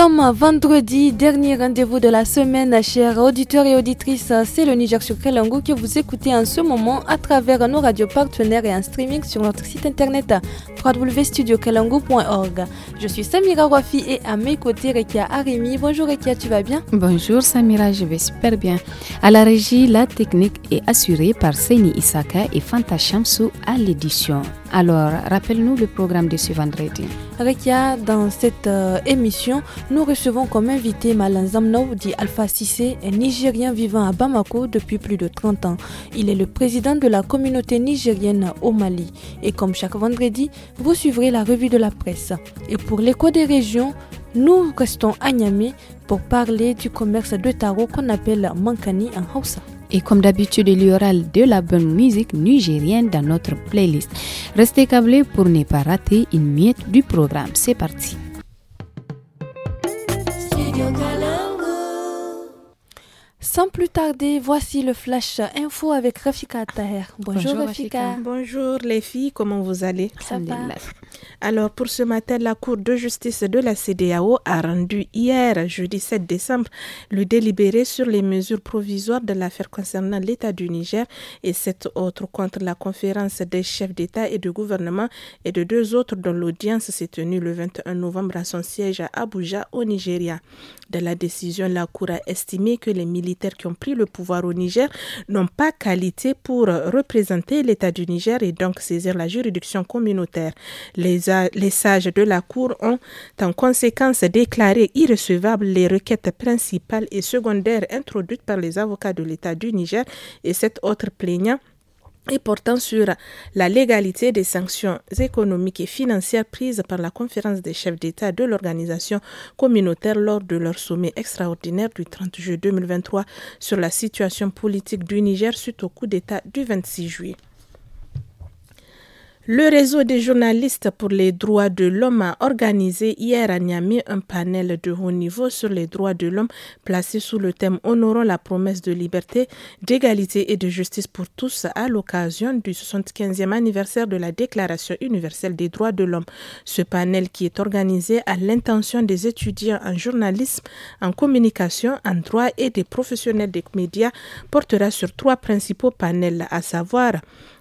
Comme vendredi, dernier rendez-vous de la semaine, chers auditeurs et auditrices. C'est le Niger sur Kalango que vous écoutez en ce moment à travers nos radios partenaires et en streaming sur notre site internet wwwstudiokelango.org. Je suis Samira Wafi et à mes côtés Rekia Arimi. Bonjour Rekia, tu vas bien Bonjour Samira, je vais super bien. À la régie, la technique est assurée par Seni Isaka et Fanta à l'édition. Alors, rappelle-nous le programme de ce vendredi. Rekia, dans cette euh, émission, nous recevons comme invité Malin Zamnov dit Alpha Sissé, un Nigérien vivant à Bamako depuis plus de 30 ans. Il est le président de la communauté nigérienne au Mali. Et comme chaque vendredi, vous suivrez la revue de la presse. Et pour l'écho des régions, nous restons à Niamey pour parler du commerce de tarot qu'on appelle Mankani en Hausa. Et comme d'habitude, il y aura de la bonne musique nigérienne dans notre playlist. Restez câblés pour ne pas rater une miette du programme. C'est parti. Sans plus tarder, voici le flash info avec Rafika Taher. Bonjour, Rafika. Bonjour les filles, comment vous allez Ça va. Alors pour ce matin, la Cour de justice de la CDAO a rendu hier, jeudi 7 décembre, le délibéré sur les mesures provisoires de l'affaire concernant l'État du Niger et cette autre contre la conférence des chefs d'État et de gouvernement et de deux autres dont l'audience s'est tenue le 21 novembre à son siège à Abuja au Nigeria. Dans la décision, la Cour a estimé que les militaires qui ont pris le pouvoir au Niger n'ont pas qualité pour représenter l'État du Niger et donc saisir la juridiction communautaire. Les, sages de la Cour ont en conséquence déclaré irrecevables les requêtes principales et secondaires introduites par les avocats de l'État du Niger et cet autre plaignant et portant sur la légalité des sanctions économiques et financières prises par la conférence des chefs d'État de l'organisation communautaire lors de leur sommet extraordinaire du 30 juillet 2023 sur la situation politique du Niger suite au coup d'État du 26 juillet. Le réseau des journalistes pour les droits de l'homme a organisé hier à Niamey un panel de haut niveau sur les droits de l'homme placé sous le thème Honorant la promesse de liberté, d'égalité et de justice pour tous à l'occasion du 75e anniversaire de la Déclaration universelle des droits de l'homme. Ce panel qui est organisé à l'intention des étudiants en journalisme, en communication, en droit et des professionnels des médias portera sur trois principaux panels, à savoir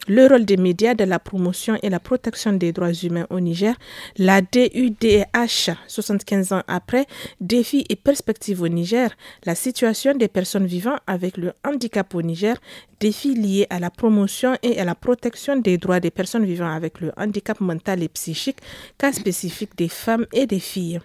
le rôle des médias de la promotion et la protection des droits humains au Niger, la DUDH, 75 ans après, défis et perspectives au Niger, la situation des personnes vivant avec le handicap au Niger, défis liés à la promotion et à la protection des droits des personnes vivant avec le handicap mental et psychique, cas spécifique des femmes et des filles.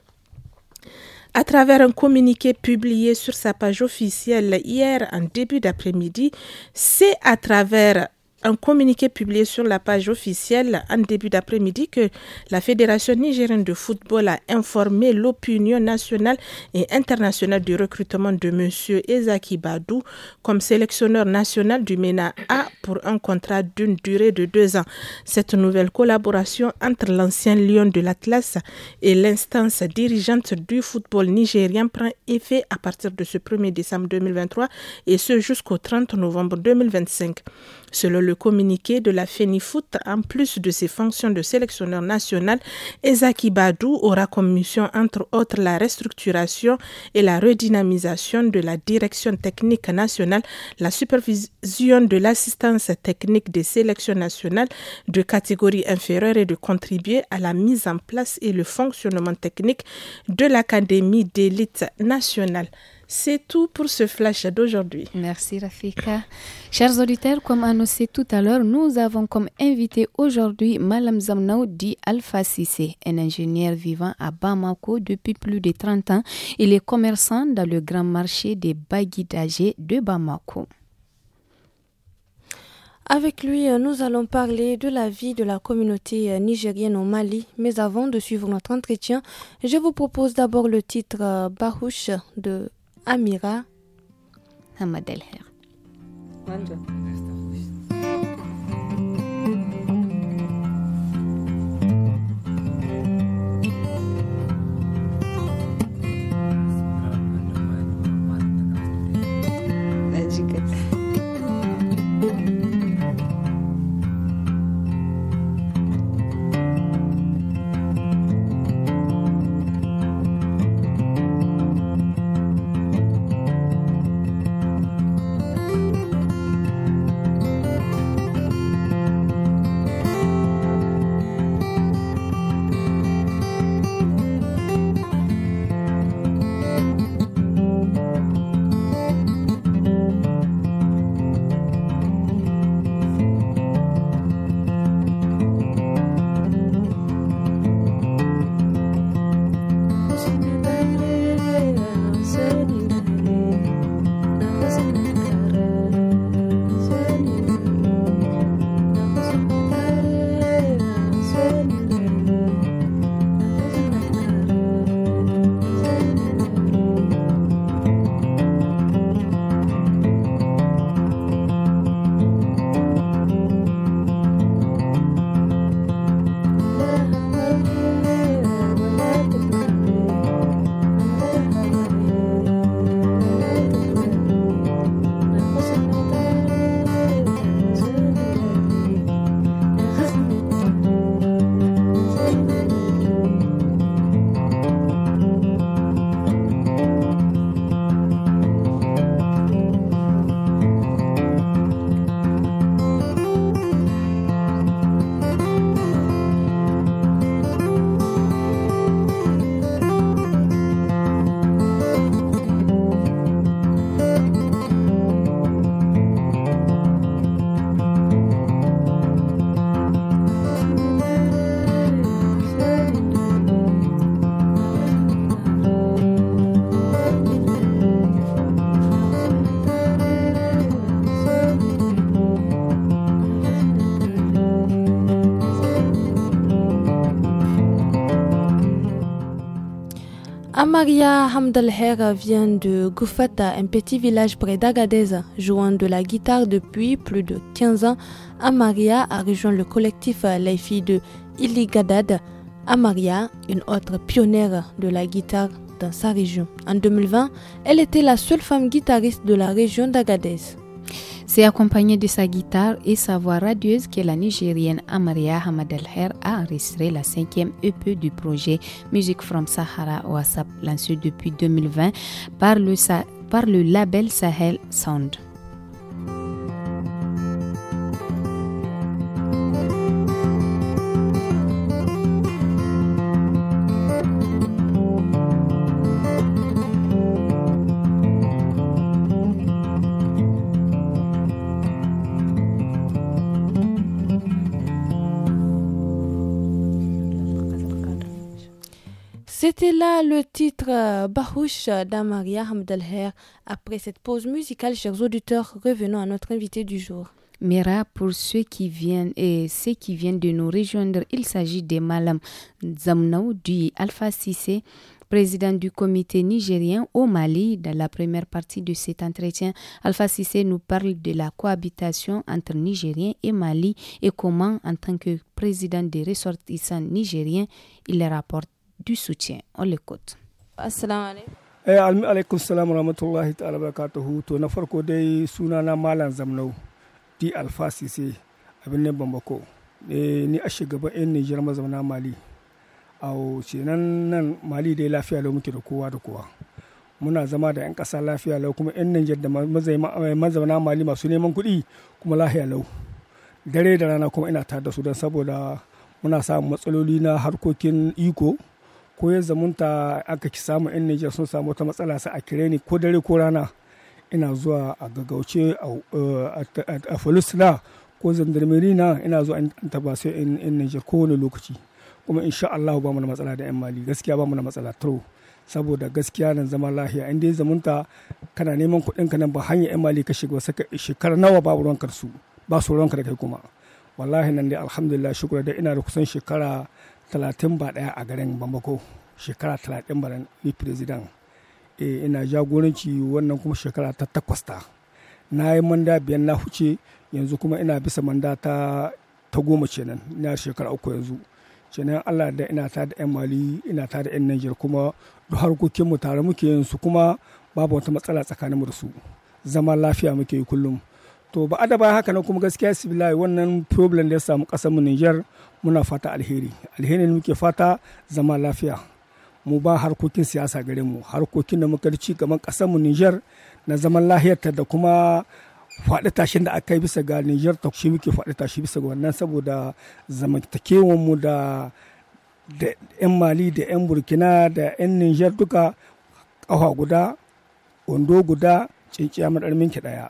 À travers un communiqué publié sur sa page officielle hier en début d'après-midi, c'est à travers un communiqué publié sur la page officielle en début d'après-midi que la Fédération nigérienne de football a informé l'opinion nationale et internationale du recrutement de M. Ezaki Badou comme sélectionneur national du MENA A pour un contrat d'une durée de deux ans. Cette nouvelle collaboration entre l'ancien Lyon de l'Atlas et l'instance dirigeante du football nigérien prend effet à partir de ce 1er décembre 2023 et ce jusqu'au 30 novembre 2025. Selon le communiqué de la FENIFOOT, en plus de ses fonctions de sélectionneur national, Ezaki Badou aura comme mission, entre autres, la restructuration et la redynamisation de la direction technique nationale, la supervision de l'assistance technique techniques des sélections nationales de catégorie inférieure et de contribuer à la mise en place et le fonctionnement technique de l'Académie d'élite nationale. C'est tout pour ce flash d'aujourd'hui. Merci Rafika. Chers auditeurs, comme annoncé tout à l'heure, nous avons comme invité aujourd'hui Mme Zamnaou Di Sissé, un ingénieur vivant à Bamako depuis plus de 30 ans. Il est commerçant dans le grand marché des âgées de Bamako. Avec lui, euh, nous allons parler de la vie de la communauté euh, nigérienne au Mali. Mais avant de suivre notre entretien, je vous propose d'abord le titre euh, Barouche de Amira Hamadelher. Amaria Hamdalher vient de Goufata, un petit village près d'Agadez. Jouant de la guitare depuis plus de 15 ans, Amaria a rejoint le collectif Les filles de Gadad. Amaria, une autre pionnière de la guitare dans sa région. En 2020, elle était la seule femme guitariste de la région d'Agadez. C'est accompagné de sa guitare et sa voix radieuse que la Nigérienne Amaria Hamadelher a enregistré la cinquième EP du projet Music from Sahara WhatsApp lancé depuis 2020 par par le label Sahel Sound. le titre euh, Bahouche d'Amaria Hamdelher. Après cette pause musicale, chers auditeurs, revenons à notre invité du jour. Mira, pour ceux qui viennent et ceux qui viennent de nous rejoindre, il s'agit de Malam Zamnaou du Alpha Cissé, président du comité nigérien au Mali. Dans la première partie de cet entretien, Alpha Cissé nous parle de la cohabitation entre Nigériens et Mali et comment, en tant que président des ressortissants nigériens, il rapporte du soutien. On l'écoute. Assalamu alaikum. Eh, alaikum salam wa rahmatullahi ta'ala barakatuhu. To na farko dai suna na Malam Zamnau, di alfa sisi abin ne bambako. Eh, ni a shugaban 'yan Nijar mazauna Mali. au cinan nan mali dai lafiya lau muke da kowa da kowa muna zama da 'yan ƙasa lafiya lau kuma 'yan Niger da eh, mazauna mali masu neman kuɗi kuma lafiya lau dare da rana kuma ina tare da su don saboda muna samun matsaloli na harkokin iko ko ya zamunta aka ki samu yan Nijar sun samu wata matsala sai a kire ni ko dare ko rana ina zuwa a gaggauce a Falusina ko zandarmeri ina zuwa in tabbasu yan Nijar kowane lokaci kuma insha Allah ba mu da matsala da yan Mali gaskiya ba mu da matsala tro saboda gaskiya nan zama lahiya inda ya zamunta kana neman kuɗin ka nan ba hanya yan Mali ka shiga saka shekara nawa ba ruwan karsu ba su ruwan ka da kai kuma wallahi nan dai alhamdulillah shukura da ina da kusan shekara talatin ba ɗaya a garin bamako shekara talatin ba ni president eh, ina jagoranci wannan kuma shekara ta takwas ta na yi manda biyar na huce yanzu kuma ina bisa manda ta ta goma kenan na shekara uku yanzu kenan allah da ina ta da yan mali ina ta da yan niger kuma duk harkokinmu tare muke yin su kuma babu wata matsala tsakaninmu da su zama lafiya muke yi kullum to ba adaba haka na kuma gaskiya sibilai wannan problem da ya samu kasar mu Niger muna fata alheri alheri ne muke fata zama lafiya mu ba harkokin siyasa gare mu harkokin da muka ci gaban kasar mu Niger na zaman lahiyarta da kuma faɗi tashin da aka yi bisa ga Niger ta shi muke faɗi tashi bisa ga wannan saboda zamantakewan mu da da 'yan Mali da 'yan Burkina da 'yan Niger duka ƙafa guda, wando guda, cinciya ki ɗaya.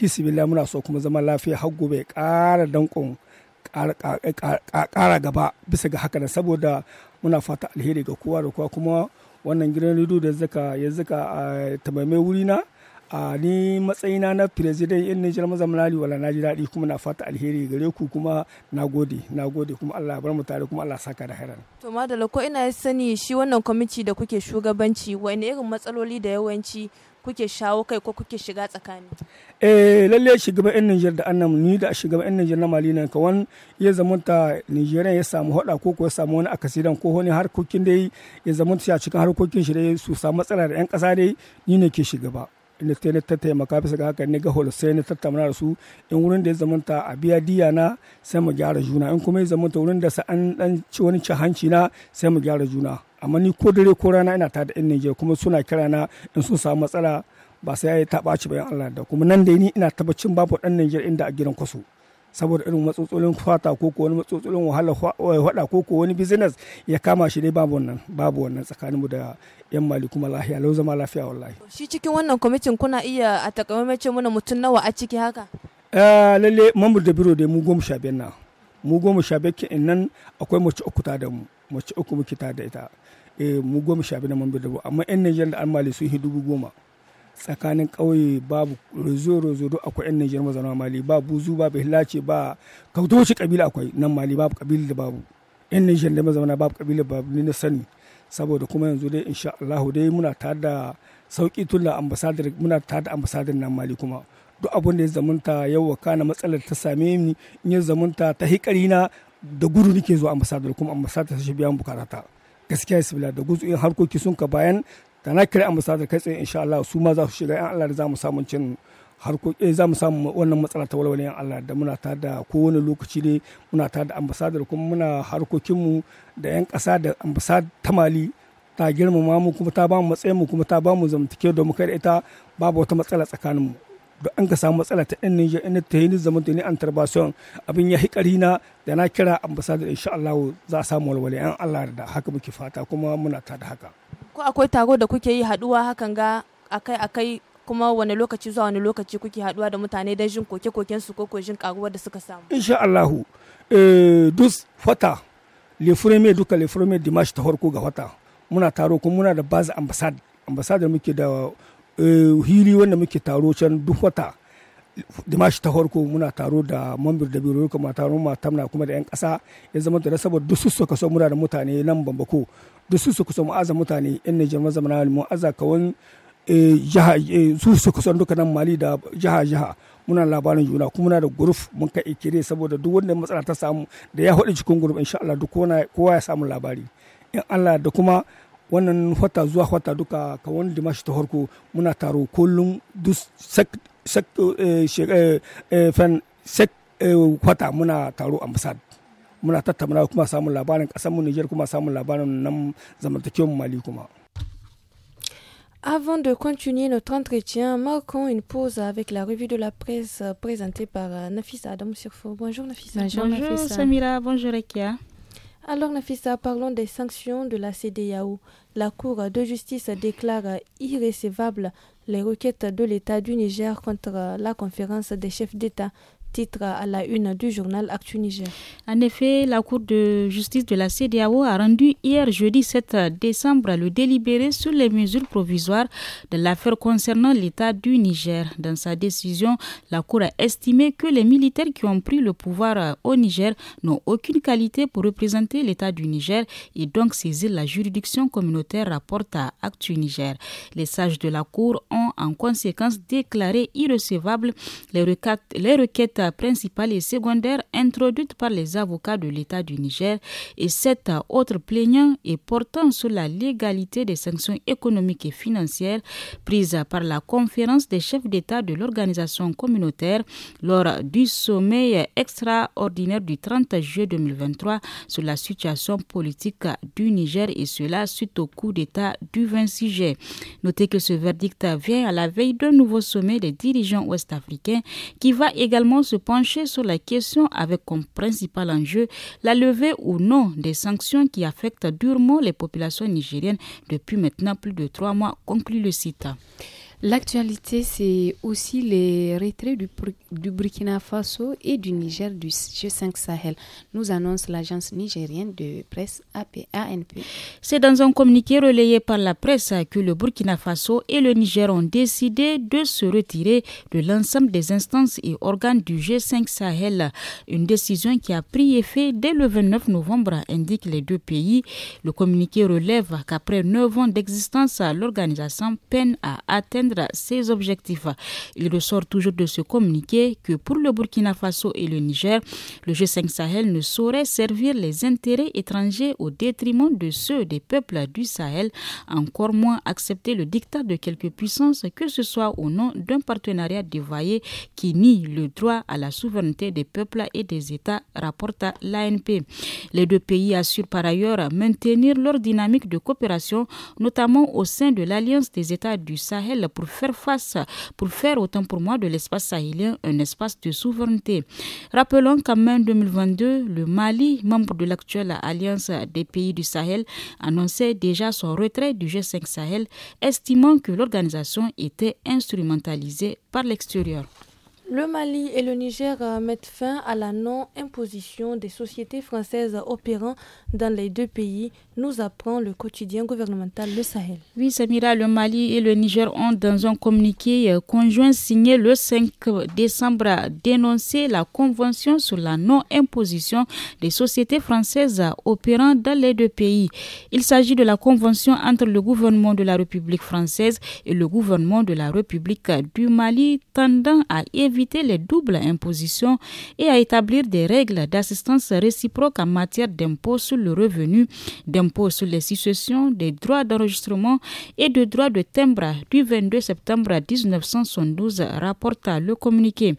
hisibila muna so kuma zama lafiya har gobe ƙara danƙon ƙara gaba bisa ga haka saboda muna fata alheri ga kowa da kowa kuma wannan gidan rido da zaka ya zaka a tamame wuri na a ni matsayina na president yan Nijar mazamanali wala na ji daɗi kuma na fata alheri gare ku kuma na gode na gode kuma Allah bar mu tare kuma Allah saka da hairan. To madala ko ina sani shi wannan kwamiti da kuke shugabanci wani irin matsaloli da yawanci kuke shawo kai ko kuke shiga tsakani eh lalle shugaban yan Niger da annam ni da shugaban yan Niger na Mali ne ka wani ya zamanta Nigeria ya samu hoda ko ko ya samu wani akasidan ko wani harkokin dai ya zamanta a cikin harkokin shi dai su samu matsala da yan kasa dai ni ne ke shugaba inda ta ne ta taimaka bisa ga haka ne ga hol sai ne tattauna da su in wurin da ya zamanta a biya diya na sai mu gyara juna in kuma ya zamanta wurin da an dan ci wani ci hanci na sai mu gyara juna amma ni ko dare ko rana ina tada yan Niger kuma suna kira na in sun samu matsala ba sai ya taba ci bayan Allah da kuma nan dai ni ina tabbacin babu ɗan Niger inda a gidan kwaso saboda irin matsatsolin fata ko ko wani matsatsolin wahala wada eh, ko ko wani business ya kama shi dai babu wannan babu wannan tsakanin mu da yan mali kuma lafiya lau zama lafiya wallahi shi cikin wannan kwamitin kuna iya a takamaimaice mana mutun nawa a ciki haka eh, lalle mamur da biro dai mu goma sha biyar na mu goma sha biyar nan akwai mace uku ta da mu mace uku muke ta da ita E mu goma sha biyu na man da amma yan Nijar da Mali sun yi dubu goma tsakanin ƙauye babu rozo rozo duk akwai yan Nijar mazauna Mali ba buzu ba lace ba kautoci kabila akwai nan Mali babu kabila da babu yan Nijar da mazauna babu kabila babu ni na sani saboda kuma yanzu dai insha Allah dai muna tare da sauki tun da ambasadar muna tare da ambasadar nan Mali kuma duk abin da ya zamanta yau kana matsalar ta same ni in ya zamanta ta hikari na da gudu nake zuwa ambasadar kuma ambasadar ta shi biyan bukatata. gaskiya sibila da in harkoki sun ka bayan da na kira amsa da kai tsaye insha Allah su ma za su shiga yan Allah da za mu samu cin harkoki eh, za mu samu wannan matsala ta walwale in Allah da muna ta da kowane lokaci ne muna ta da ambasadar kuma muna harkokinmu da yan ƙasa da ambasad ta Mali ta girmama mu kuma ta ba mu matsayin mu kuma ta ba mu zamantakewa mu kai ita babu wata matsala tsakaninmu. da an ka samu matsala ta yan Niger ina ta yi zaman da ni abin ya hikari na da na kira ambassador insha Allah za a samu walwale yan Allah da haka muke fata kuma muna ta da haka ko akwai taro da kuke yi haduwa hakan ga akai akai kuma wani lokaci zuwa wani lokaci kuke haduwa da mutane don jin koke-koken su ko jin karuwar da suka samu insha Allah eh, duk fata lefureme duka lefureme dimash ta farko ga fata muna taro kuma muna da baza ambasad ambasadar muke da Eh, hili wanda muke taro can duk wata dimashi ta farko muna taro da mambir da biro kuma taron matam na kuma da yan kasa ya zama da saboda duk su suka so muna da mutane nan bambako duk su suka so mu aza mutane in Nijar mazamana mu aza kawan eh, jiha eh, su suka so duka nan Mali da jiha jiha muna labarin juna kuma muna da guruf mun kai kire saboda duk wanda matsala ta samu da ya haɗu cikin guruf insha Allah duk kowa ya samu labari in Allah da kuma wannan wata zuwa wata duka ka wani dimashi ta harko muna taro kullum duk sek sek eh, eh, eh, sek wata muna taro ambasad muna tattauna kuma samun labarin mu Niger kuma samun labarin nan zamantakewar Mali kuma. Avant de continuer notre entretien, marquons une pause avec la revue de la presse présentée par euh, Nafisa Adam Sirfo. Bonjour Nafisa. Bonjour, bonjour Nafisa. Samira, bonjour Rekia. Alors, Nafissa, parlons des sanctions de la CDAO. La Cour de justice déclare irrécevables les requêtes de l'État du Niger contre la conférence des chefs d'État titre à la une du journal Actu Niger. En effet, la Cour de justice de la CDAO a rendu hier jeudi 7 décembre le délibéré sur les mesures provisoires de l'affaire concernant l'État du Niger. Dans sa décision, la Cour a estimé que les militaires qui ont pris le pouvoir euh, au Niger n'ont aucune qualité pour représenter l'État du Niger et donc saisir la juridiction communautaire rapporte à Actu Niger. Les sages de la Cour ont en conséquence déclaré irrecevables les les requêtes principale et secondaire introduite par les avocats de l'État du Niger et sept autres plaignants et portant sur la légalité des sanctions économiques et financières prises par la conférence des chefs d'État de l'organisation communautaire lors du sommet extraordinaire du 30 juillet 2023 sur la situation politique du Niger et cela suite au coup d'État du 26 juillet. Notez que ce verdict vient à la veille d'un nouveau sommet des dirigeants ouest-africains qui va également se se pencher sur la question avec comme principal enjeu la levée ou non des sanctions qui affectent durement les populations nigériennes depuis maintenant plus de trois mois, conclut le site. L'actualité, c'est aussi les retraits du, Burkina Faso et du Niger du G5 Sahel, nous annonce l'agence nigérienne de presse APANP. C'est dans un communiqué relayé par la presse que le Burkina Faso et le Niger ont décidé de se retirer de l'ensemble des instances et organes du G5 Sahel, une décision qui a pris effet dès le 29 novembre, indiquent les deux pays. Le communiqué relève qu'après neuf ans d'existence, l'organisation peine à atteindre ses objectifs. Il ressort toujours de ce communiqué que pour le Burkina Faso et le Niger, le G5 Sahel ne saurait servir les intérêts étrangers au détriment de ceux des peuples du Sahel, encore moins accepter le dictat de quelques puissances, que ce soit au nom d'un partenariat dévoyé qui nie le droit à la souveraineté des peuples et des États, rapporte l'ANP. Les deux pays assurent par ailleurs maintenir leur dynamique de coopération, notamment au sein de l'Alliance des États du Sahel pour faire face, pour faire autant pour moi de l'espace sahélien un espace de souveraineté. Rappelons qu'en mai 2022, le Mali, membre de l'actuelle alliance des pays du Sahel, annonçait déjà son retrait du G5 Sahel, estimant que l'organisation était instrumentalisée par l'extérieur. Le Mali et le Niger euh, mettent fin à la non-imposition des sociétés françaises opérant dans les deux pays, nous apprend le quotidien gouvernemental Le Sahel. Oui, Samira, le Mali et le Niger ont, dans un communiqué euh, conjoint signé le 5 décembre, dénoncé la Convention sur la non-imposition des sociétés françaises opérant dans les deux pays. Il s'agit de la convention entre le gouvernement de la République française et le gouvernement de la République du Mali tendant à éviter éviter les doubles impositions et à établir des règles d'assistance réciproque en matière d'impôts sur le revenu, d'impôts sur les situations, des droits d'enregistrement et de droits de timbre du 22 septembre 1972, rapporte le communiqué.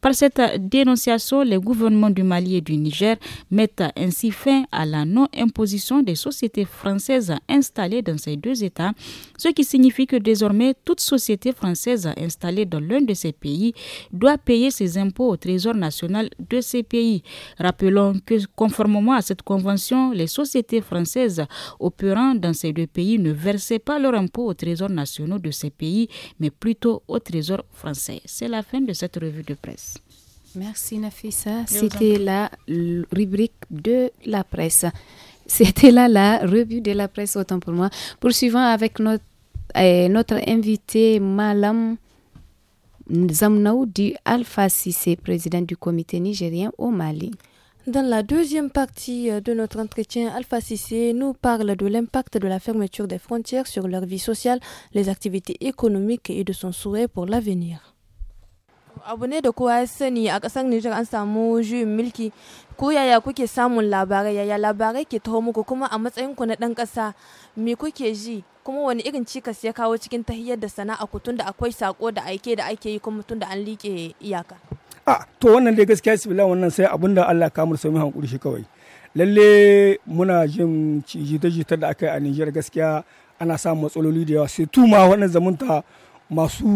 Par cette dénonciation, les gouvernements du Mali et du Niger mettent ainsi fin à la non-imposition des sociétés françaises installées dans ces deux États, ce qui signifie que désormais toute société française installée dans l'un de ces pays doit payer ses impôts au Trésor national de ces pays. Rappelons que conformément à cette convention, les sociétés françaises opérant dans ces deux pays ne versaient pas leurs impôts au Trésor national de ces pays, mais plutôt au Trésor français. C'est la fin de cette revue de presse. Merci Nafisa. C'était la rubrique de la presse. C'était là la revue de la presse, autant pour moi. Poursuivons avec notre, eh, notre invité, Malam Zamnaoudi Alpha Sissé, président du comité nigérien au Mali. Dans la deuxième partie euh, de notre entretien, Alpha Cissé nous parle de l'impact de la fermeture des frontières sur leur vie sociale, les activités économiques et de son souhait pour l'avenir. abu ne da kowa ya sani a kasar Nijar an samu juyin milki ko yaya kuke samun labarai yaya labarai ke taho muku kuma a matsayin ku na dan ƙasa me kuke ji kuma wani irin cikas ya kawo cikin tahiyar da sana'a ku tunda akwai sako da aike da ake yi kuma tunda an liƙe iyaka a to wannan dai gaskiya bila wannan sai abun da Allah kamar sami hankuri shi kawai lalle muna jin jita-jita da aka yi a Nijar gaskiya ana samun matsaloli da yawa sai tuma wannan zamunta masu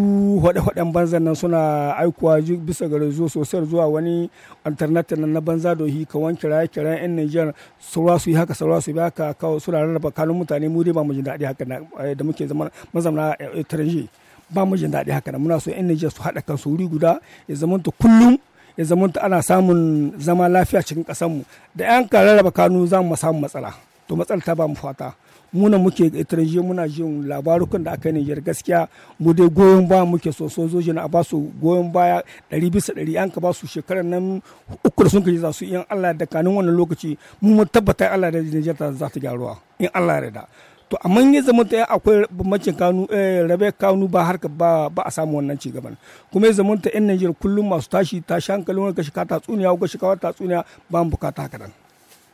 hwaɗe-hwaɗen banzan nan suna aikuwa bisa ga rezo sosai zuwa wani internet nan na banza dohi kawan kiraye kiraye 'yan Nijar saura su yi haka saura su yi haka kawo suna rarraba kanun mutane mu dai ba mu jin daɗi haka eh, da muke zama mazamna eh, tarihi ba mu jin daɗi haka muna so 'yan Nijar su haɗa su wuri guda ya zamanta kullum ya zamanta ana samun zama lafiya cikin ƙasarmu da 'yan ka rarraba kanu za mu samu matsala to matsala ta ba mu fata. muna muke etranger muna jin labarukan da aka yi Niger gaskiya mu dai goyon baya muke so sojoji na ba su goyon baya ɗari bisa ɗari an ka ba su shekarar nan uku da sun kaji za su in Allah da kanin wannan lokaci mu mun tabbata Allah da Niger za ta gyaruwa in Allah ya da to amma ya zama ta akwai bambancin kanu eh, rabe kanu ba harka ba ba a samu wannan ci gaban kuma ya zama ta yan Niger kullum masu tashi tashi hankalin wani kashi ka tsuniya ko kashi ka tsuniya ba mu bukata haka nan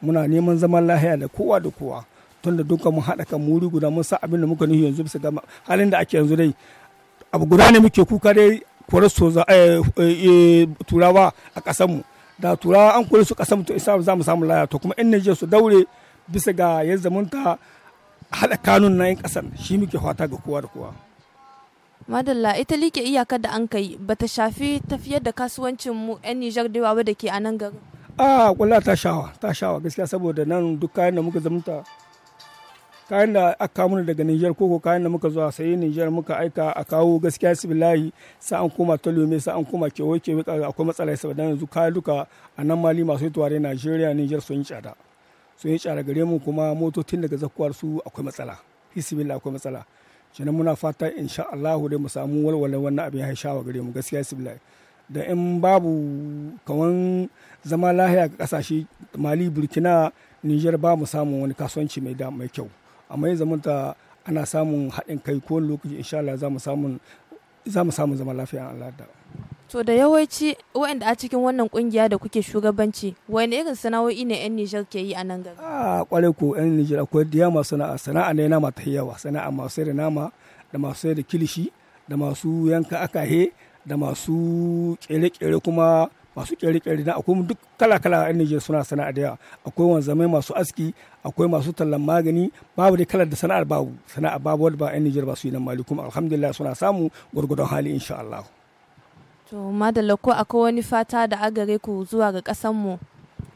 muna neman zaman lahiya da kowa da kowa tunda dukkan mun haɗa kan muri guda mun sa abin da muka nufi yanzu bisa gama halin da ake yanzu dai abu guda ne muke kuka dai kore soza eh, eh, eh, turawa a mu da turawa an kore su kasanmu to isa za mu samu laya to kuma in je su daure bisa ga mun ta haɗa kanun na yin ƙasar shi muke fata ga kowa da kowa. madalla ita like iyaka da an kai ba ta shafi tafiyar da kasuwancin mu 'yan nijar da yawa da ke a nan gari. a ah, kwalla ta shawa ta shawa gaskiya saboda nan duk kayan da muka zamanta kayan da aka kawo mana daga Nijar koko kayan da muka zuwa sayi Nijar muka aika a kawo gaskiya sibilahi sa an koma mai sa an koma kewaye kewaye akwai matsala saboda yanzu kayan duka a nan mali masu yi tuware Najeriya Nijar sun yi tsada sun yi tsada gare mu kuma motocin daga zakkuwar su akwai matsala hisbillah akwai matsala kenan muna fata insha Allah dai mu samu walwala wannan abin ya shawa gare mu gaskiya sibilahi da in babu kaman zama lahiya ga kasashe mali burkina Nijar ba mu samun wani kasuwanci mai kyau amma ya zamanta ana samun haɗin kai kowane lokaci insha Allah za mu samu zama lafiya Allah da. To da yawanci waɗanda a cikin wannan kungiya da kuke shugabanci wani irin sana'o'i ne 'yan Nijar ke yi a nan gari? A kwarai ko 'yan Nijar akwai diya masu sana'a sana'a ne nama ta yawa sana'a masu da nama da masu da kilishi da masu yanka akahe da masu kere-kere kuma masu ƙere-ƙere na akwai duk kala-kala a Nijar suna sana'a da yawa akwai wanzamai masu aski akwai masu tallan magani babu dai kalar da sana'ar babu sana'a babu wadda ba a Nijar ba su yi nan mali kuma alhamdulillah suna samu gwargwadon hali insha Allah. To madalla ko akwai wani fata da agare ku zuwa ga ƙasar mu.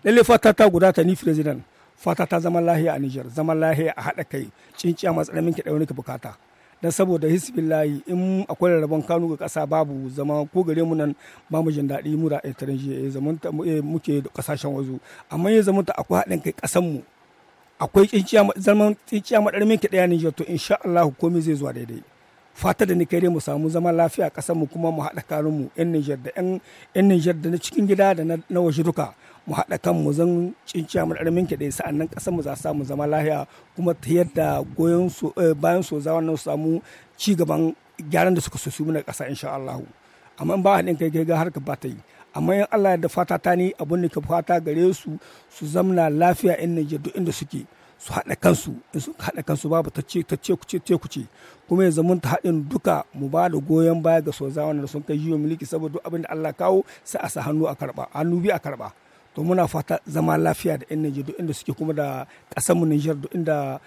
Lalle fata ta guda ta ni president fata ta zaman lahiya a Nijar zaman lahiya a haɗa kai cinciya matsalamin ki ɗaurin ki bukata. dan saboda hisbillahi in akwai rarraban kanu ga kasa babu zama ko gare mu nan ba mu jin daɗi mu da ƴan ya eh, zamanta eh, muke da kasashen wazo amma ya zamanta akwai haɗin kai ƙasan mu akwai zaman tsinciya madarmin ki ɗaya Nijar to insha Allah komai zai zuwa daidai fata da dai mu samu zaman lafiya kasan mu kuma mu haɗa kanun mu ƴan Nijar da ƴan Niger da na cikin gida da na waje duka mu haɗa kan mu zan cinciya mu ɗari min ɗaya sa'an nan ƙasar mu za samu zama lahiya kuma ta yadda goyon eh, bayan za wannan su samu ci gaban gyaran da suka so su mu na ƙasa insha Allah amma in ba haɗin kai ga harka ba ta yi amma in Allah da fata ta ni abun da ka fata gare su su zamna lafiya in Niger duk inda suke su haɗa kansu in su haɗa kansu babu ta ce ta ce ce te ce kuma ya zamun ta haɗin duka mu ba da goyon baya ga sozawa da sun kai yiwo miliki saboda abin da Allah kawo sai a sa hannu a karɓa hannu bi a karɓa to muna fata zama lafiya da 'yan Najeriya duk inda suke kuma da mu Nijar duk inda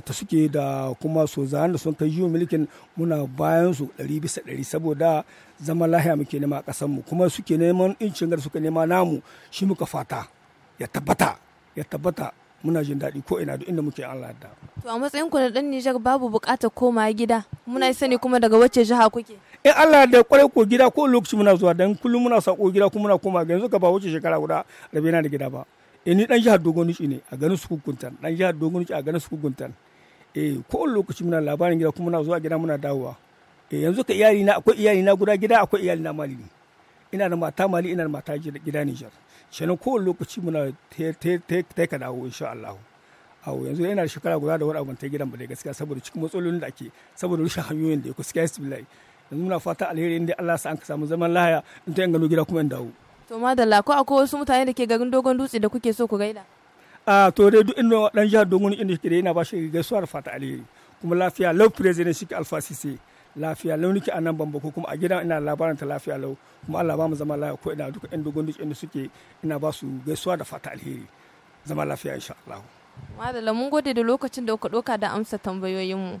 ta suke da kuma so da sun kai yiwu mulkin muna bayan su ɗari bisa ɗari saboda zama lafiya muke nema a mu kuma suke neman incin gar suka nema namu shi muka fata ya tabbata ya tabbata muna jin daɗi ko ina duk inda muke Allah da. To a matsayin ku na ɗan Nijar babu buƙatar koma gida muna sani kuma daga wacce jiha kuke. in Allah da kwarai ko gida ko lokaci muna zuwa dan kullum muna sako gida kuma muna koma yanzu ka ba wuce shekara guda rabe na da gida ba eh ni dan jihar dogon Dogonuci ne a ganin su hukuntan dan jihar dogon Dogonuci a ganin su hukuntan eh ko lokaci muna labarin gida kuma muna zuwa gida muna dawowa eh yanzu ka iyali na akwai iyali na guda gida akwai iyali na mali ina da mata mali ina da mata gida Niger kenan ko lokaci muna ta ka dawo insha Allah awo yanzu yana shekara guda da wani abin ta gidan ba dai gaskiya saboda cikin matsalolin da ake saboda rushe hanyoyin da ya gaskiya bismillah yanzu muna fata alheri inda Allah sa an samu zaman lahaya in ta yanga gida kuma in dawo to madalla ko akwai wasu mutane da ke garin dogon dutse da kuke so ku gaida a to dai duk inda dan jihar dogon inda ke da yana ba shi gaisuwa da fata alheri kuma lafiya lau president shi alfa sise lafiya lau nake a nan bamba ko kuma a gidan ina labaranta ta lafiya lau kuma Allah ba mu zama lafiya ko ina duka yan dogon dutse inda suke ina ba su gaisuwa da fata alheri zama lafiya insha Allah madalla mun gode da lokacin da kuka doka da amsa tambayoyinmu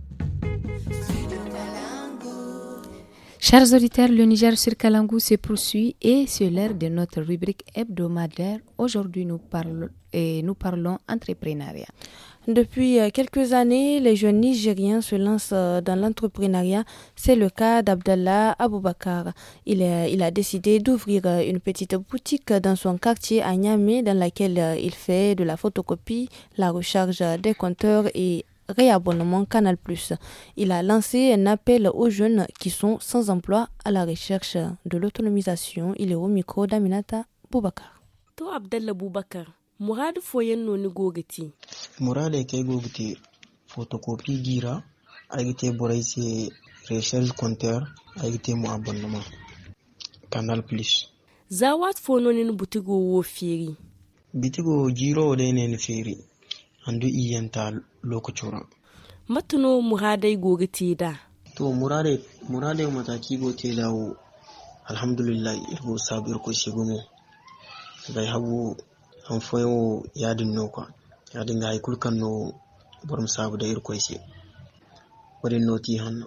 Chers auditeurs, le Niger sur Kalangou se poursuit et c'est l'heure de notre rubrique hebdomadaire. Aujourd'hui, nous, parlons, entrepreneuriat. Depuis euh, quelques années, les jeunes Nigériens se lancent euh, dans l'entrepreneuriat. C'est le cas d'Abdallah Aboubakar. Il, euh, il a décidé d'ouvrir une petite boutique dans son quartier à Niamey dans laquelle il fait de la photocopie, la recharge des compteurs et réabonnement Canal+. Plus. Il a lancé un appel aux jeunes qui sont sans emploi à la recherche de l'autonomisation. Il est au micro d'Aminata Boubacar. To Abdella Boubacar, Mourad Foyen no Nugogeti. Mourad Eke photocopie Gira, pour Boraïse, recherche compteur, Aïté Mou abonnement. Canal+. Plus. Zawat Fononin Boutigo Firi. Bitigo Giro Denen Firi. andu iyanta ran. matuno muradai te da. to muradai muradai mataki go wo alhamdulillah irgo sabu irko mu bai habu an wo yadin nokwa yadin ga haikulkan no borom sabu da irko shi wani noti hannu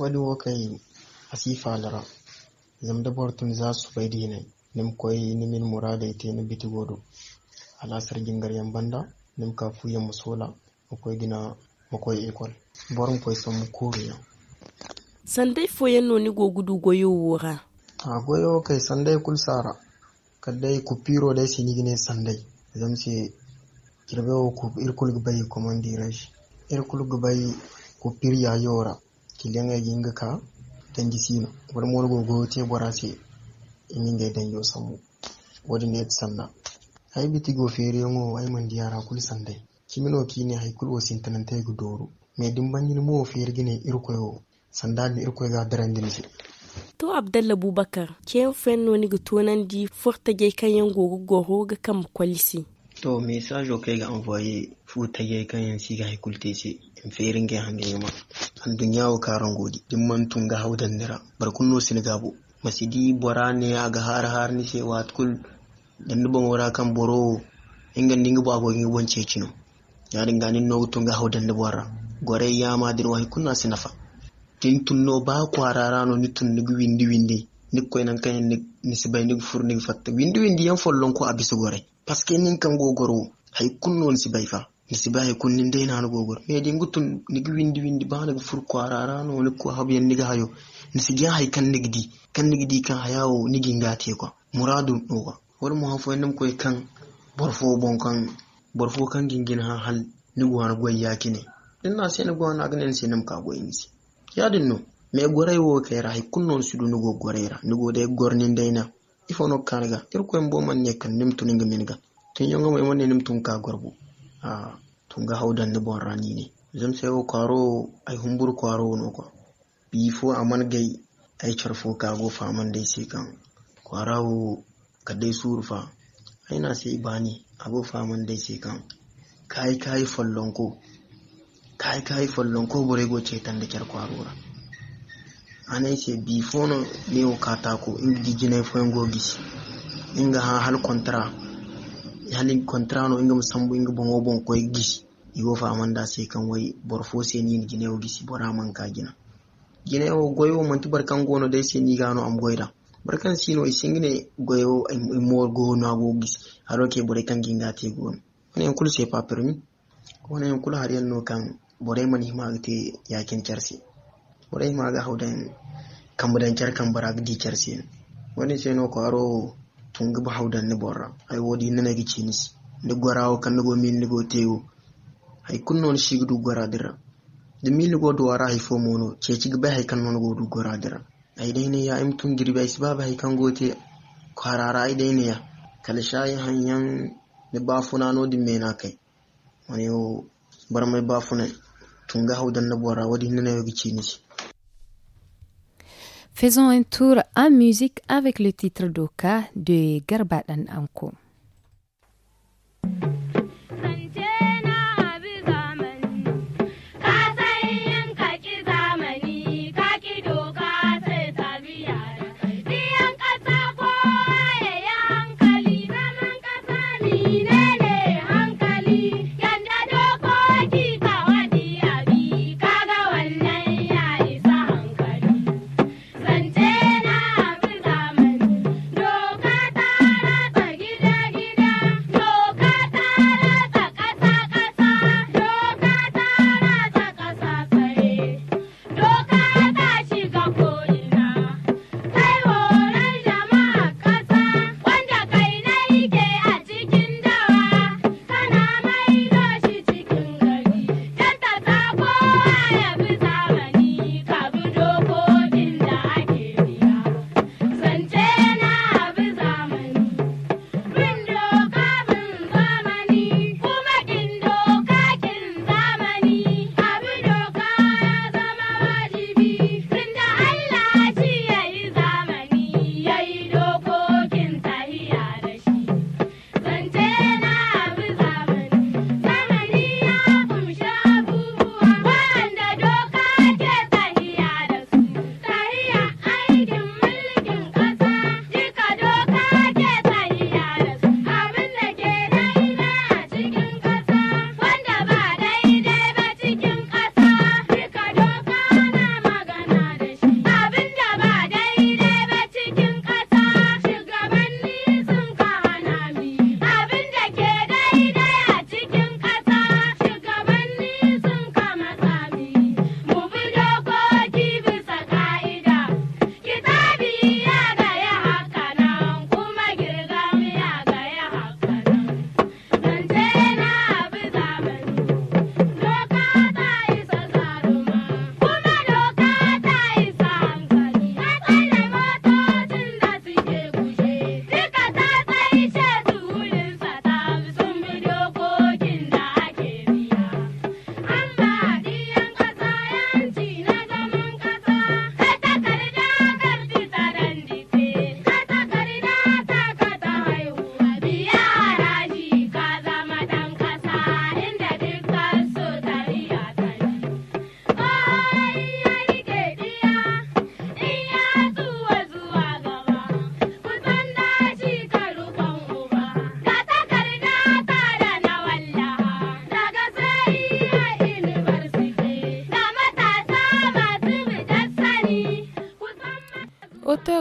wani wakai asifa lara zamda bortun za su bai dinai nim koyi nimin muradai te ni bitigodo alasar gingar yan banda nem ka fu yemu sola akwai gina mokoi ekol borin kwai so mu kore sandai foyen no ni go gudu goyo wura. a goyo kai sandai kul sara kadai ku piro dai sini gine sandai zan ce kirbe ku irkul gbai komandira shi irkul gbai ku pirya yora ya yinga ka dangi sino bar morgo go te borase inga dangi samu wadin ne sanna aibiti go fere maŋ ndi a ra kul sanday. Ki mino hay kul wo sintina taygu dooru. Meedin dimbanyil mo fere feergine sanda ni irkoy ga darande se. To Abdalla Bubakar, ken fenno ni ga tonandi furta kayen go go ho ga kam kwalisi. To message kai ga envoyer ta jay kayen si ga te se. In fere nge hande ma. An dunyawo karan godi, man tun ga haudan nira, barkunno sinigabo Masidi borane aga har har ni se kul dan duban wara kan boro Inga dinga ba agogin bon cecino ya dinga nin no tun ga hawdan da bora gore ya ma dir wa kunna sinafa tin tun no ba kwarara no nitun ni windi windi ni koy nan kan ni sibay ni fur ni fatta windi windi yan follon ko abisu gore Paske nin kan gogoro hay kunno ni sibay fa ni sibay kun nin dai nan gogoro me din tun ni windi windi ba na fur kwarara no ni ko habi ni ga hayo ni sigya hay kan gidi kan gidi kan hayawo nigin gate ko muradu no wani mu han fo kan barfo bon kan kan gingin han hal ni go han goy yakine din na sai ni go na ganin sai nan ka goy ni ya din no me gorai wo kay rahi kunnon sudu dunu go ra. ni go dai gornin dai na ifo no karga ir koy man ne kan nim tunin ga ga tun yonga mai man ne nim tun ka gorbo a tun ga haudan ni bon rani ne zan sai wo kwaro ai humbur kwaro no ko bifo aman gai ai charfo ka go faman dai sai kan kwarawo dai suru fa aina sai bani abu famun dai sai kan kai kai fallon ko kai kai fallon ko borego ce tan da kyar kwarura anai sai bi fono leo katako in fayin foyon gogisi inga ha hal kontra hali kontra no inga musambu inga bongo bon koy gisi iwo famun da sai kan wai borfo sai ni gine o gisi bora man ka gina gine o goyo man tubar kan gono dai sai ni gano am goida barkansino isingine goyo imo gogis a roke bore kan gingate go wani yankul sai pa permi wani yankul har yanno kan mani man hima te yakin charsi bore hima ga haudan kambudan char kambara di kyarsi wani sai no ko aro gaba ba haudan ne borra ay wodi nana gi chinis ni gorawo kan go min ni go tewo ay shi gudu gwara dira min go do wara haifo mono ceci ci gaba kan non go gwara dira aydaynaya imkum diribe aisbabahay kan gote karara aydaynaya kalshaay hanyan funa no dimmena kai waniyo bar mai e bafuna tunga haudan na bora wadi yogi Faisons un tour en musique avec le titre d'Oka de Garbadan Anko.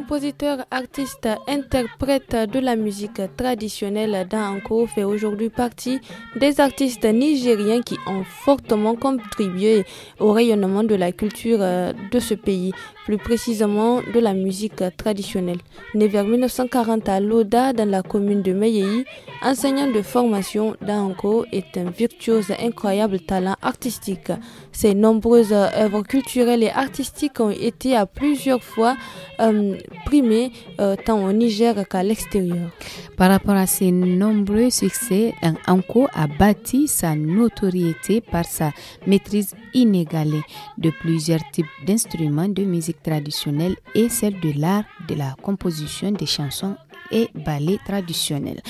Compositeur, artiste, interprète de la musique traditionnelle d'Anko fait aujourd'hui partie des artistes nigériens qui ont fortement contribué au rayonnement de la culture euh, de ce pays, plus précisément de la musique traditionnelle. Né vers 1940 à Loda, dans la commune de Meyei, enseignant de formation, Danko est un virtuose incroyable talent artistique. Ses nombreuses œuvres culturelles et artistiques ont été à plusieurs fois euh, primé euh, tant au Niger qu'à l'extérieur. Par rapport à ses nombreux succès, Anko a bâti sa notoriété par sa maîtrise inégalée de plusieurs types d'instruments de musique traditionnelle et celle de l'art de la composition des chansons et ballets traditionnels.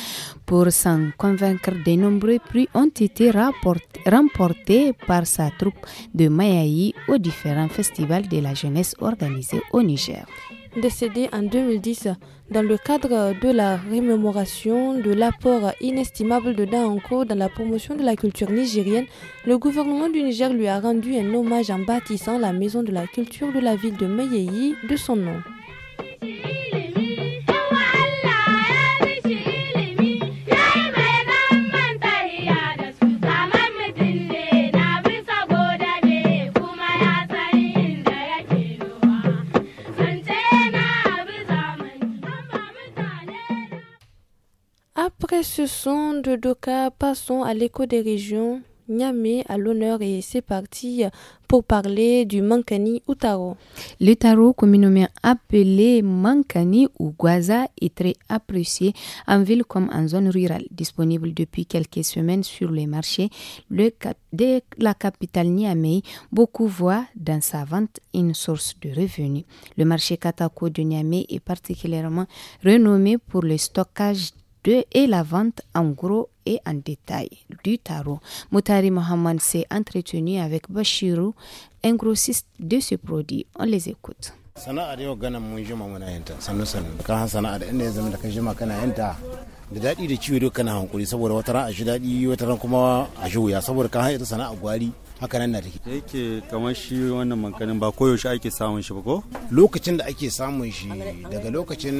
Pour s'en convaincre, de nombreux prix ont été remportés par sa troupe de Mayaï aux différents festivals de la jeunesse organisés au Niger décédé en 2010 dans le cadre de la rémémoration de l'apport inestimable de Daanko dans la promotion de la culture nigérienne, le gouvernement du Niger lui a rendu un hommage en bâtissant la maison de la culture de la ville de Meyeyi de son nom. Après ce son de Doka, passons à l'écho des régions. Niamey à l'honneur et c'est parti pour parler du Mankani ou taro. Le taro communément appelé Mankani ou Guaza, est très apprécié en ville comme en zone rurale. Disponible depuis quelques semaines sur les marchés de la capitale Niamey, beaucoup voient dans sa vente une source de revenus. Le marché Katako de Niamey est particulièrement renommé pour le stockage 2 et la vente en gros et en détail du tarot. Moutari Mohamed s'est entretenu avec Bashirou, un grossiste de ce produit. On les écoute. sana'ar yau ganin mun jima muna yanta sannu sannu kan sana'ar inda ya zama da kan jima kana yanta da daɗi da ciwo duk kana hankuri saboda wata ran a shi daɗi wata ran kuma a shi wuya saboda kan ita sana'a gwari haka nan na take da yake kamar shi wannan mankanin ba koyaushe ake samun shi ba ko lokacin da ake samun shi daga lokacin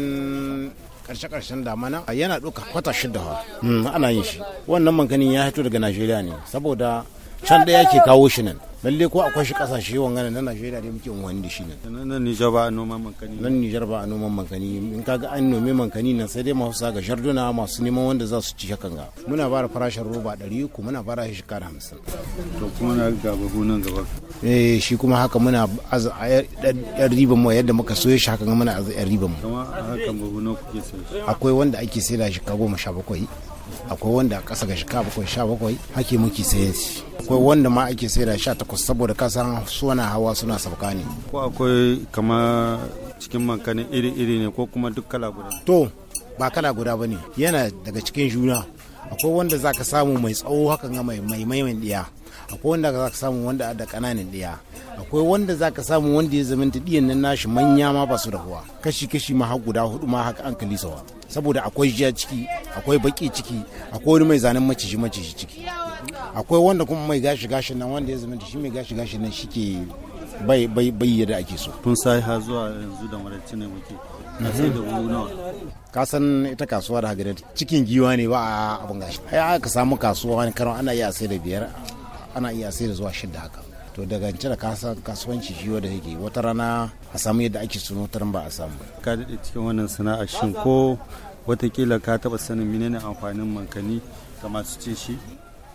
karshe-karshen damana yana ɗauka kwata shida hmm, ana yin shi wannan mankanin ya hito daga najeriya ne saboda can ɗaya ke kawo shi nan lalle ko akwai shi kasashe wangana na Najeriya da muke wani da shi nan nan Nijar ba a noman mankani nan Nijar ba a noman mankani in kaga an nome mankani nan sai dai masu saga jarduna masu neman wanda za su ci hakan ga muna bara farashin roba 100 ko muna bara shi kara hamsin to kuma na gaba babu nan gaba eh shi kuma haka muna aza yar riban mu yadda muka soye shi haka muna aza yar riban mu kuma hakan babu kuke sai akwai wanda ake da shi ka bakwai. akwai wanda a ƙasa ga shika bakwai sha bakwai hake muke saye shi akwai wanda ma ake sayar da sha takwas saboda kasan suna hawa suna sauka ne ko akwai kama cikin mankanin iri-iri ne ko kuma duk kala guda to ba kala guda ba ne yana daga cikin juna akwai wanda za ka samu mai tsawo hakan ga mai mai mai diya akwai wanda za ka samu wanda da ƙananan ɗiya akwai wanda za ka samu wanda ya zamanta ɗiyan nan nashi manya ma ba su da kowa kashi kashi ma har guda hudu ma haka an sawa saboda akwai jiya ciki akwai baki ciki akwai wani mai zanen maciji maciji ciki akwai wanda kuma mai gashi gashi nan wanda ya zamanta shi mai gashi gashi nan shike bai bai bai yadda ake so tun sai har zuwa yanzu da maraice ne muke ka san ita kasuwa da hagari cikin giwa ne ba a abin gashi ai aka samu kasuwa wani karon ana iya sai da biyar ana iya sai da zuwa shidda haka to daga ce da kasuwanci shi wanda yake wata rana a samu yadda ake suno ta ba a samu ka daɗe cikin wannan sana'a shin ko watakila ka taɓa sanin menene amfanin mankani ga masu cin shi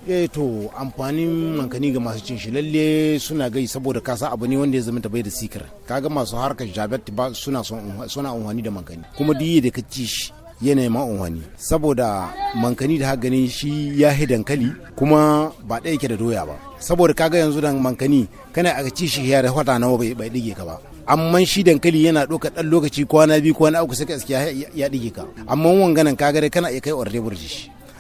eh to amfanin mankani ga masu cin shi lalle suna gai saboda kasa abu ne wanda ya zama bai da sikir kaga masu harkar jabet ba suna suna amfani da mankani kuma duk da ka ci shi yanayin ma'unwani saboda mankani da gani shi ya hi dankali kuma ba ɗaya yake da doya ba saboda kaga yanzu da mankani kana aka ci shi ya da na nawa bai bai dige ka ba amma shi dankali yana ɗaukar ɗan lokaci kwana biyu kwana uku sai ka ya dige ka amma wanganan kaga dai kana iya kai ordebar shi